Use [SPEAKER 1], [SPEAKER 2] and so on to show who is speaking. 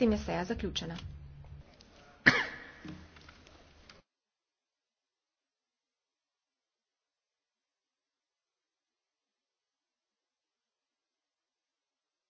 [SPEAKER 1] S tem je seja zaključena.